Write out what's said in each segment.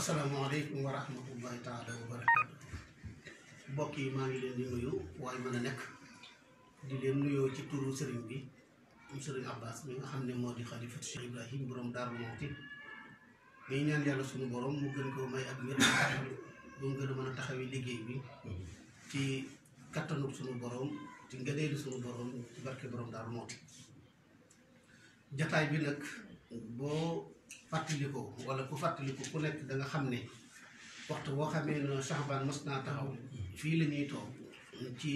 asalaamaaleykum wa rahmatullahi taala wa barakaatu mbokk yi maa ngi leen di nuyu waaye mën a nekk di leen nuyoo ci turu sëriñ bi am sëriñ Abbas mi nga xam ne moo di xalifatu Cheikh Ibrahim borom Daaru Muxti ñuy ñaan suñu borom mu gën ak wér bu mu a mën a taxawee liggéey bi ci kattanu suñu boroom ci ngëneelu sunu borom ci barke borom Daaru Muxti jataay bi nag boo fàttaliku wala ku fàttaliku ku nekk da nga xam ne waxtu woo xamee ne saxbaan mos naa taxaw fii la ñuy toog ci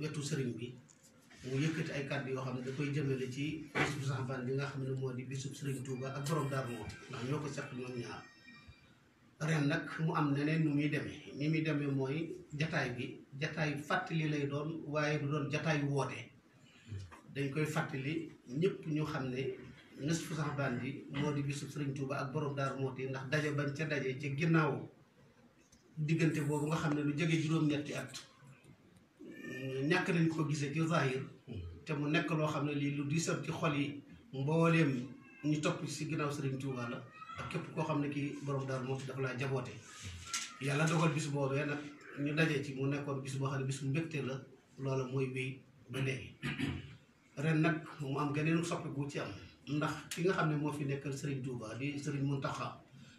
wetu sëriñ bi mu yëkkati ay kàddu yoo xam ne da koy jëmale ci bisub saxbaan bi nga xam ne moo di bisub sëriñ Touba ak borom Darou Mouhty ndax ñoo ko seq ñoom ñaar ren nag mu am neneen nu muy demee ni muy demee mooy jataay bi jataay fàttali lay doon waaye du doon jataay woote dañ koy fàttali ñëpp ñu xam ne nisfu saxbaan bi mo di bisub sëriñ Tuuba ak borom dar moti ndax dajje ban ci dajje ci ginnaw digeunte bobu nga xamne lu jege juroom ñetti at ñak nañ ko gisee ci zahir te mu nek lo xamne li lu diisab ci xol yi mbolem ñu top si ginnaw serigne touba la ak kep ko xamne ki kii borom Daaru Muxti dafa la jaboote yalla dogal bisu bobu nak ñu dajje ci mu nekkon bisu bo xamne bisu mbekté la loola moy bi ba léegi ren nak mu am geneen soppi bu ci am ndax ki nga xam ne moo fi nekkal Serigne Touba di Serigne Mountakha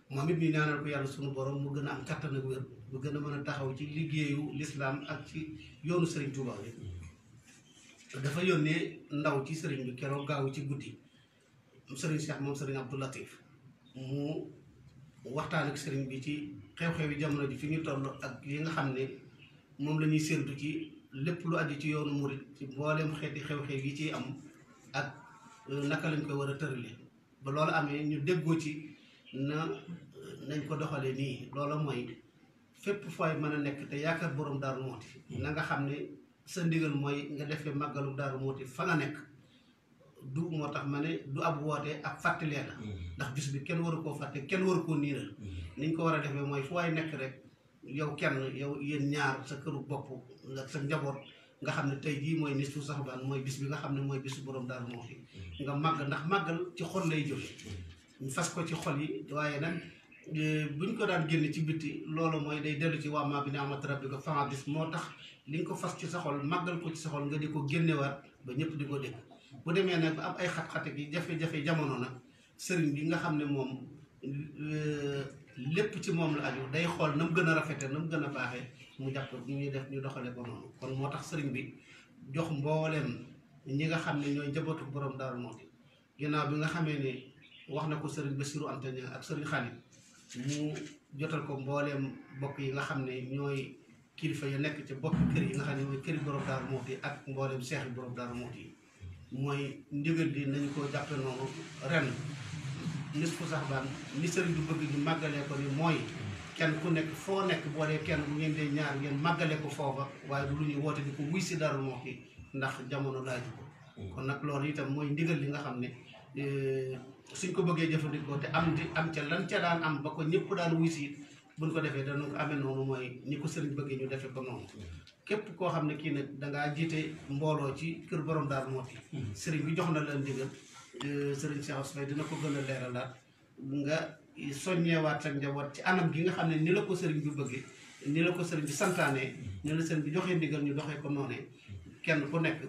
moom it ñu ñaanal ko yàlla sunu borom mu gën a am kattan ak wér mu gën a mën a taxaw ci liggéeyu lislaam ak ci yoonu Serigne Touba bi dafa yónnee ndaw ci sëriñ bi keroog gaaw ci guddi Serigne Cheikh moom Serigne Abdou Latif mu waxtaan ak Serigne bi ci xew-xewi jamono ji fi ñu toll ak yi nga xam ne moom lañuy ñuy séntu ci lépp lu aju ci yoonu murit ci mboolem xeeti xew-xew yi ci am ak. naka lañ koy war a tëralee ba loolu amee ñu déggoo ci na nañ ko doxalee nii loola mooy fépp fooy mën a nekk te yaakaar borom daaru moo na nga xam ne sa ndigal mooy nga defee màggalu daaru mooti fa nga nekk du moo tax ma ne du ab woote ak fàttalee la mm-hmm. ndax bis bi kenn waru koo fàtte kenn waru koo niiral mm-hmm. niñ ko war a defee mooy foo waay nekk rek yow kenn yow yéen ñaar sa këru bopp ak sa njaboot nga xam ne tey jii mooy nisfu saxbaan mooy bis bi nga xam ne mooy bisu borom Daaru Muxti nga màgg ndax màggal ci xol lay jóge fas ko ci xol yi waaye nag euh, buñ ko daan génn ci bitti loolu mooy day dellu ci waa maa bi ni'mati rabbika fahaddis moo tax li ko fas ci sa màggal ko ci sa nga di ko génnewaat ba ñëpp di ko dégg bu demee nag am ay xat-xate jafe-jafe jamono nag sëriñ bi nga xam ne moom euh, lépp ci moom la aju day xool na mu gën a rafetee na mu gën a baaxee mu jàpp ñu ñuy def ñu doxale ko noonu kon moo tax sëriñ bi jox mbooleem ñi nga xam ne ñooy njabootu borom Daaru Muxti ginnaaw bi nga xamee ne wax na ko sëriñ Bassirou Anta Niang ak sëriñ Khalil mu jotal ko mbooleem bokk yi nga xam ne ñooy kilifa yu nekk ci bokk kër yi nga xam ne mooy këri borom Daaru Muxti ak mbooleem seexi borom Daaru Muxti yi mooy ndigal di nañu ko jàppe noonu ren nis ko sax baan ni sëriñ bi bëgg ñu màggalee ko ni mooy kenn ku nekk foo nekk boo dee kenn bu ngeen dee ñaar ngeen màggale ko foofa waaye bu lu ñu woote di ko wuy si dara moo ki ndax jamono laaju ko mm. kon nag loolu itam mooy ndigal li nga xam ne e, suñ ko bëggee jëfandikoo te am am ca lan ca daan am ba ko ñëpp daan wuy si buñ ko defee dana ko amee noonu ñi ko sëriñ bëggee ñu defee ko noonu mm. képp koo xam ne kii nag dangaa jiite mbooloo ci kër borom daal moo fi sëriñ bi jox na leen ndigal e, sëriñ Cheikh Ousmane dina ko gën a leeralaat nga soññewaat sa njaboot ci anam gi nga xam ne ni la ko sëriñ bi bëggee ni la ko sëriñ bi santaane ni la sëriñ bi joxee ndigal ñu doxee ko noonee kenn ku nekk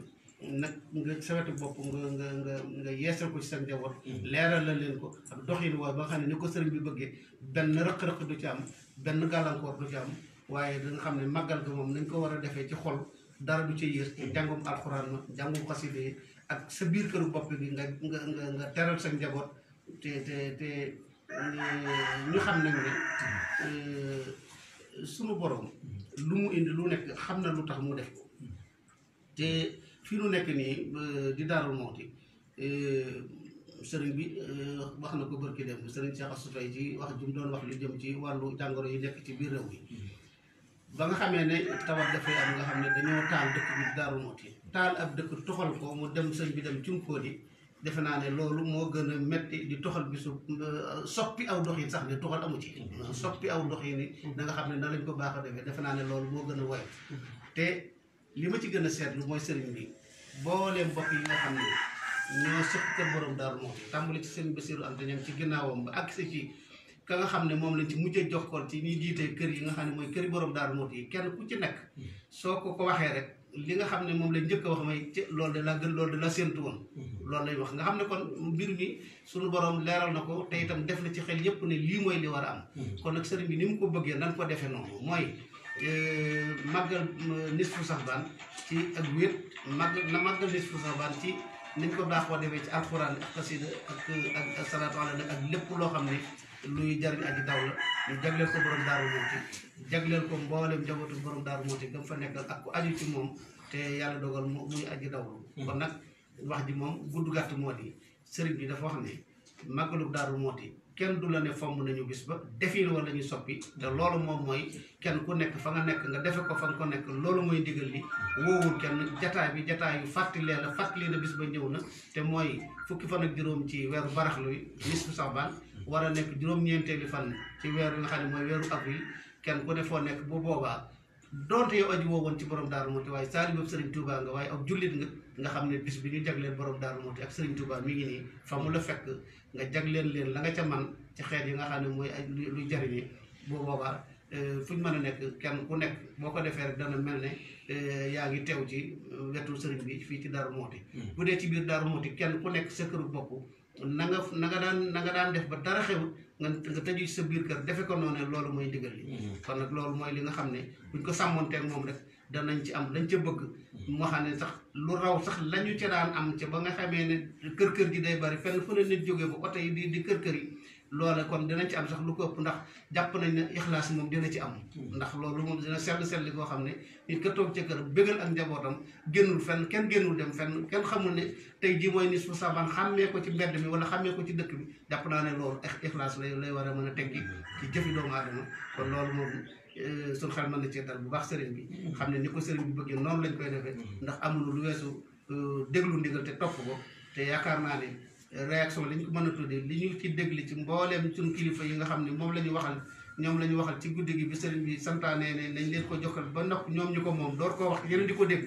nag nga sawetu bopp nga nga nga nga yeesal ko ci sa njaboot leeral la leen ko ak doxin waaye ba nga xam ne ni ko sëriñ bi bëggee benn rëq-rëq du ci am benn gàllankoor du ci am waaye da nga xam ne màggal ga moom nañ ko war a ci xol dara du ci yées jàngum alxuraan ma jàngum ak sa biir këru bopp bi nga nga nga nga teral sa njaboot te te te Euh, ñu xam nañu ne euh, sunu borom lu mu indi lu nekk xam na lu tax mu def ko te fii nu nekk nii euh, di Daaru Muxti sëriñ bi wax na ko barki dem sëriñ Cheikh Assou Faye ci wax jum doon wax lu jëm ci wàllu jàngoro yi nekk ci biir réew mi ba nga xamee ne tawat dafay am nga xam ne dañoo taal dëkk bi Daaru Muxti taal ab dëkk toxal ko mu dem sëñ bi dem cunkoodi defe naa ne loolu moo gën a metti di toxal bi bisu euh, soppi aw dox yi sax ne toxal amu ci mm-hmm. soppi aw dox yi mm-hmm. ni da nga xam ne na lañ ko baax a defee defe naa ne loolu moo gën a woyof mm-hmm. te li ma ci gën a seetlu mooy sëriñ bi booleem mbokk yi nga xam ne ñoo sëkk kër borom daaru moom tàmbali ci sëriñ Basiru am dañam ci ginnaawam ba ak ci ka nga xam ne moom lañ ci mujjee jox kool ci ñi jiitee kër yi nga xam ne mooy këri borom daal moom yi kenn ku ci nekk soo ko ko waxee rek li nga xam ne moom lañ njëkk a wax mooy ci loolu de la gën loolu de la séntu woon mm-hmm. loolu lay wax nga xam ne kon mbir mi suñu boroom leeral na ko te itam def na ci xel yépp ne lii mooy li war a am mm-hmm. kon nag sëriñ bi ni mu ko bëggee nan ko defee noonu mooy euh, màggal euh, nisfu saxbaan ci ak wér màgg na màggal nisfu saxbaan ci niñ ko baaxoo defee ci alxuraan ak xasida ak ak salaatu ak lépp loo xam ne luy jariñ ak daw la ñu jagleel ko borom daaru Muxti jagleel ko mboolem njabootu borom daaru Muxti gëm fa nekkal ak ku aju ci moom te yàlla dogal mu muy aji daw hmm. kon nag wax ji moom gudd gàtt moo di sëriñ bi dafa wax ne màggalu daaru Muxti kenn du la ne fomm nañu bis ba defir wala ñu soppi te loolu moom mooy kenn ku nekk fa nga nekk nga defe ko fa nga ko nekk loolu mooy digal li woowul kenn jataay bi jataay yu fàttalee la fàttalee na bis ba ñëw na te mooy fukki fan ak ci weeru baraxlu yi nis bu sax war a nekk juróom-ñeenteeli fan ci weer wi nga xam ne mooy weeru avril kenn ku ne foo nekk boobaa donte yow aji woo woon ci borom Daaru Muxti waaye saalibab Sëriñ Tuubaa nga waaye ab jullit nga nga xam ne bis bi ñu jagleel borom Daaru Muxti ak Sëriñ mi ngi nii fa la fekk nga jagleen leen la nga ca ci xeet yi nga xam ne mooy luy jariñi bu boobaa eh, fu ñu mën a nekk kenn ku nekk boo ko defee rek dana mel ne eh, yaa ngi teew ci eh, wetu sëriñ bi fii ci Daaru Muxti hmm. bu dee ci biir Daaru Muxti kenn ku nekk sa këru bopp na nga na nga daan na nga daan def ba dara xewut nga nga tëju ci sa biir kër defe ko noonu loolu mooy ndigal li mm-hmm. kon nag loolu mooy li nga xam ne buñ ko sàmmoonteeg moom rek danañ ci am lañ ca bëgg moo mm-hmm. xam ne sax lu raw sax lañu ci daan am ca ba nga xamee ne kër kër ji day bari fenn fu ne nit jógee ba oto yi di kër kër yi loola kon dina ci am sax lu ko ëpp ndax jàpp nañ ne ixlaas moom dina ci am ndax loolu moom dina sell sell koo xam ne nit ka toog ca kër bégal ak njabootam génnul fenn kenn génnul dem fenn kenn xamul ne tey ji mooy ni su saban xàmmee ko ci mbedd mi wala xàmmee ko ci dëkk bi jàpp naa ne loolu ixlaas lay lay war a mën a teggi ci jëfi doomu aadama kon loolu moom euh, suñ xel mën na cee bu baax sëriñ bi xam ne ni ko sëriñ bi bëggee noonu lañ koy defee ndax amul lu weesu euh, déglu ndigal te topp ko te yaakaar naa ne réaction li ñu mën a tuddee li ñu ci dégli ci mbooleem suñu kilifa yi nga xam ne moom la ñu waxal ñoom la ñu waxal ci guddi gi bi sëriñ bi santaane ne nañ leen ko jokkal ba nag ñoom ñu ko moom door koo wax yeneen di ko dégg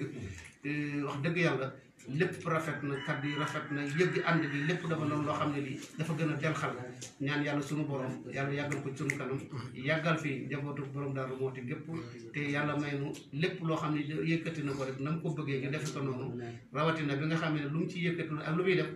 euh, wax dëgg yàlla lépp rafet na kàddu yi rafet na yëgg ànd bi lépp dafa noonu loo xam ne lii dafa gën a del xal ñaan yàlla sunu borom yàlla yàggal ko sunu kanam yàggal fii njabootu borom Daaru Muxti gépp te yàlla may nu lépp loo xam ne yëkkati na ko rek na mu ko bëggee ñu def ko noonu bi nga xam ne lu mu ci yëkkati ak lu muy def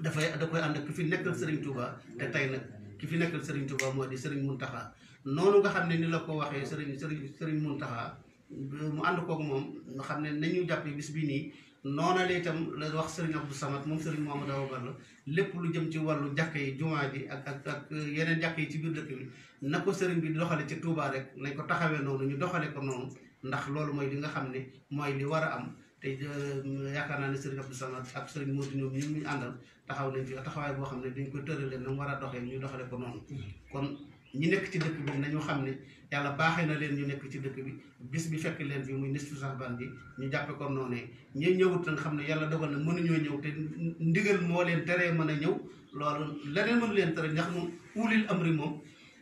dafay da koy ànd ak ki fi nekkal Serigne Touba te tey nag ki fi nekkal Serigne Touba moo di Serigne Mountakha noonu nga xam ne ni la ko waxee Serigne Serigne Serigne Mountakha mu ànd koog moom nga xam ne nañu jàppee bis bii nii noona la itam la wax Serigne Abdou Samad moom Serigne moom Awa Balla lépp lu jëm ci wàllu jàkka yi jumaa ji ak ak ak yeneen jàkk yi ci biir dëkk bi na ko Serigne bi doxale ci tuubaa rek lañ ko taxawee noonu ñu doxale ko noonu ndax loolu mooy li nga xam ne mooy li war a am te euh, yaakaar naa ne Serigne Abdou Samad ak Serigne Modou ñoom ñoom ñu àndal taxaw nañ fi taxawaay boo xam ne dañ ko tëralee na mu war a doxee ñu doxale ko noonu mm-hmm. kon ñi nekk ci dëkk bi nañu xam ne yàlla baaxee na leen ñu nekk ci dëkk bi bis bi fekk leen fi muy nisfu Safar bi ñu jàppe ko noonee ñi ñëwut nag xam ne yàlla dogal na mënuñoo ñëw te ndigal moo leen teree mën a ñëw loolu leneen mënu leen tere ndax moom ulil amri moom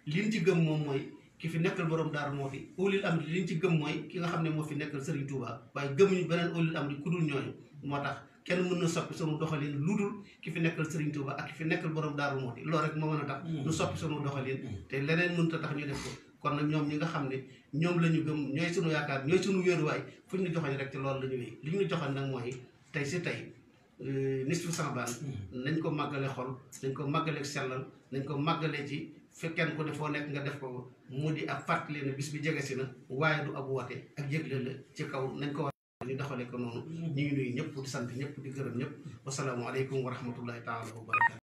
liñ ci gëm moom mooy ki fi nekkal boroom daaru moo fi ulil li liñ ci gëm mooy ki nga xam ne moo fi nekkal Serigne Touba waaye gëmuñu beneen ulil amri ku dul ñooñu moo tax kenn mën na soppi sunu doxalin lu dul ki fi nekkal Serigne Touba ak fi nekkal borom daaru moo fi loolu rek moo mën a tax hmm. ñu soppi sunu hmm. te leneen mënut a ñu def ko kon nag ñoom ñi nga xam ne ñoom la ñu gëm ñooy sunu yaakaar ñooy sunu wéeruwaay fu ñu joxoñ rek ci loolu la ñu li ñu joxoñ nag mooy tey si tey Euh, nisfu saxbaan mm-hmm. nañ ko màggale xol nañ ko màggale sellal nañ ko màggale ci fekkeen ko defoo nekk nga def ko mu di ab fàttali ne bis bi jege si na waaye du ab woote ak yëgle ci kaw nañ ko war ñu doxale ko noonu mm-hmm. ñu ngi nuyu ñëpp di sant ñëpp di gërëm ñëpp wasalaamualeykum wa rahmatullahi taala wa